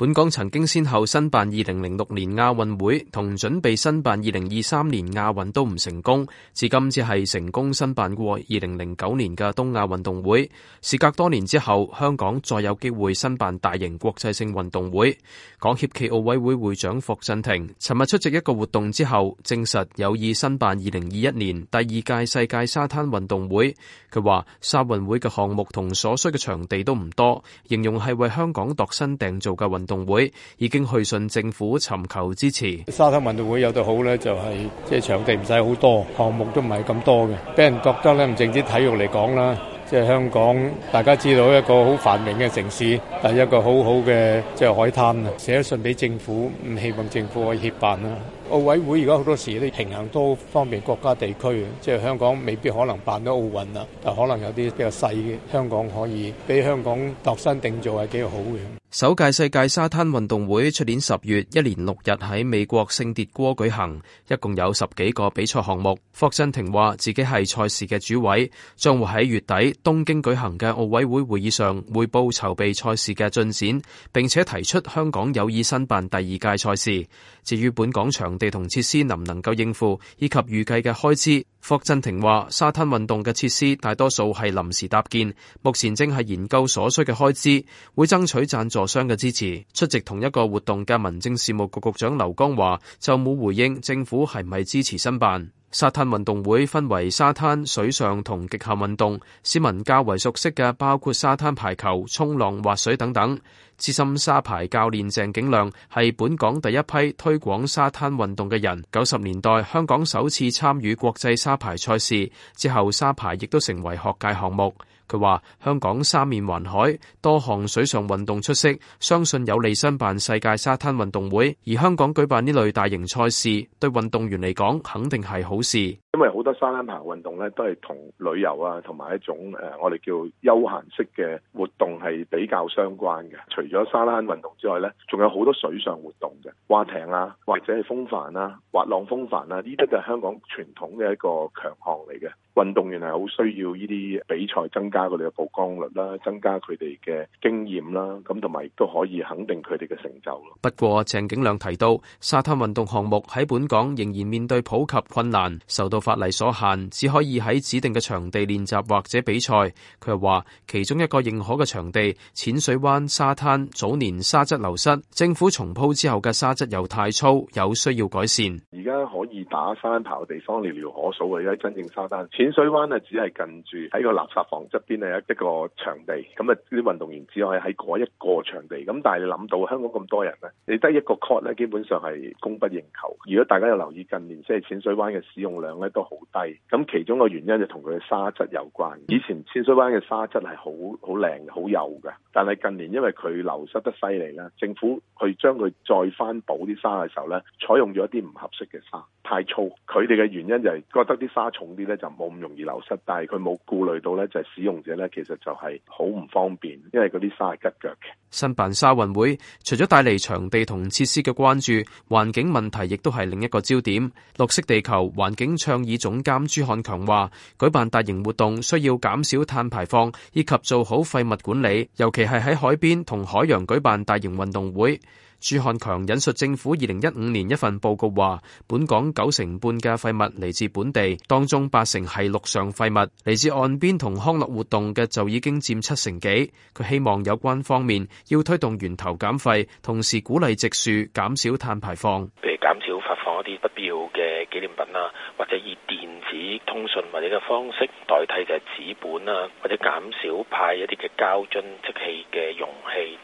本港曾經先後申辦二零零六年亞運會同準備申辦二零二三年亞運都唔成功，至今只係成功申辦過二零零九年嘅東亞運動會。事隔多年之後，香港再有機會申辦大型國際性運動會。港協暨奧委會會長霍震霆尋日出席一個活動之後，證實有意申辦二零二一年第二屆世界沙灘運動會。佢話沙運會嘅項目同所需嘅場地都唔多，形容係為香港度身訂造嘅運動。運動會已經去信政府尋求支持。沙灘運動會有得好咧，就係即係場地唔使好多，項目都唔係咁多嘅，俾人覺得咧唔淨止體育嚟講啦。即係香港大家知道一個好繁榮嘅城市，但一個好好嘅即係海灘啊。寫信俾政府，唔希望政府可以協辦啦。奧委會而家好多時行行都平衡都方便國家地區，即係香港未必可能辦到奧運啦，但可能有啲比較細嘅香港可以俾香港度身定做係幾好嘅。首屆世界沙灘運動會出年十月一連六日喺美國聖迭戈舉行，一共有十幾個比賽項目。霍震霆話自己係賽事嘅主委，將會喺月底東京舉行嘅奧委會會議上匯報籌備賽事嘅進展，並且提出香港有意申辦第二屆賽事。至於本港場地同設施能唔能夠應付，以及預計嘅開支，霍震霆話沙灘運動嘅設施大多數係臨時搭建，目前正係研究所需嘅開支，會爭取贊助。座商嘅支持，出席同一個活動嘅民政事務局局長劉江華就冇回應政府係咪支持申辦。沙灘運動會分為沙灘、水上同極限運動，市民較為熟悉嘅包括沙灘排球、衝浪、滑水等等。資深沙排教練鄭景亮係本港第一批推廣沙灘運動嘅人。九十年代，香港首次參與國際沙排賽事，之後沙排亦都成為學界項目。佢話：香港三面環海，多項水上運動出色，相信有利申辦世界沙灘運動會。而香港舉辦呢類大型賽事，對運動員嚟講肯定係好事。因為好多沙灘爬運動咧，都係同旅遊啊，同埋一種誒、呃，我哋叫休閒式嘅活動係比較相關嘅。除咗沙灘運動之外咧，仲有好多水上活動嘅，劃艇啊，或者係風帆啊、滑浪風帆啊，呢啲就係香港傳統嘅一個強項嚟嘅。運動員係好需要呢啲比賽，增加佢哋嘅曝光率啦，增加佢哋嘅經驗啦，咁同埋都可以肯定佢哋嘅成就。不過鄭景亮提到，沙灘運動項目喺本港仍然面對普及困難，受到法例所限，只可以喺指定嘅場地練習或者比賽。佢又話，其中一個認可嘅場地——淺水灣沙灘，早年沙質流失，政府重鋪之後嘅沙質又太粗，有需要改善。而家可以打翻跑嘅地方寥寥可數嘅，而家真正沙灘。淺水灣啊，只係近住喺個垃圾房側邊啊，係一個場地。咁、嗯、啊，啲運動員只可以喺嗰一個場地。咁、嗯、但係你諗到香港咁多人咧，你得一個 court 咧，基本上係供不應求。如果大家有留意近年即係淺水灣嘅使用量咧，都好低。咁其中個原因就同佢嘅沙質有關。以前淺水灣嘅沙質係好好靚好幼嘅，但係近年因為佢流失得犀利啦，政府去將佢再翻補啲沙嘅時候咧，採用咗一啲唔合適嘅沙，太粗。佢哋嘅原因就係覺得啲沙重啲咧，就冇容易流失，但係佢冇顧慮到咧，就係使用者咧，其實就係好唔方便，因為嗰啲沙係拮腳嘅。申辦沙運會除咗帶嚟場地同設施嘅關注，環境問題亦都係另一個焦點，綠色地球環境倡議總監朱漢強話舉辦大型活動需要減少碳排放，以及做好廢物管理，尤其係喺海邊同海洋舉辦大型運動會。朱漢強引述政府二零一五年一份報告話，本港九成半嘅廢物嚟自本地，當中八成係陸上廢物，嚟自岸邊同康樂活動嘅就已經佔七成幾。佢希望有關方面要推動源頭減廢，同時鼓勵植樹，減少碳排放，譬如減少發放一啲不必要嘅紀念品啊，或者以電子通訊或者嘅方式代替嘅紙本啊，或者減少派一啲嘅膠樽、即棄嘅容器。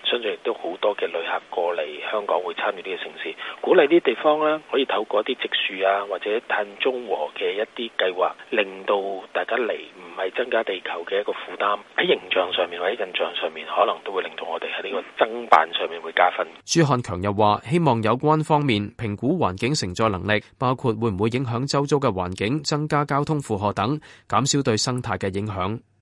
會參與呢個城市，鼓勵啲地方咧，可以透過一啲植樹啊，或者碳中和嘅一啲計劃，令到大家嚟唔係增加地球嘅一個負擔。喺形象上面或者印象上面，可能都會令到我哋喺呢個增辦上面會加分。朱漢強又話，希望有關方面評估環境承載能力，包括會唔會影響周遭嘅環境，增加交通負荷等，減少對生態嘅影響。